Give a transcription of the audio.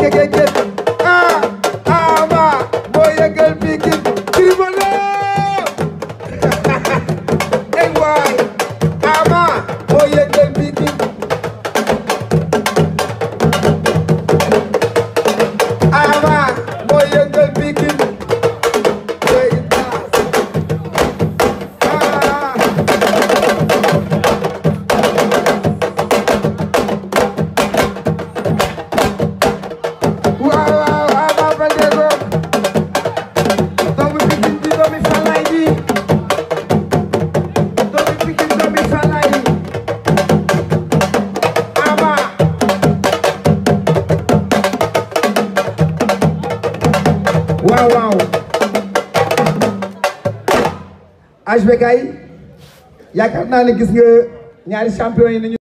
Everybody! waaw waaw HBK yaakaar naa ne gis nga ñaari champion yi nañu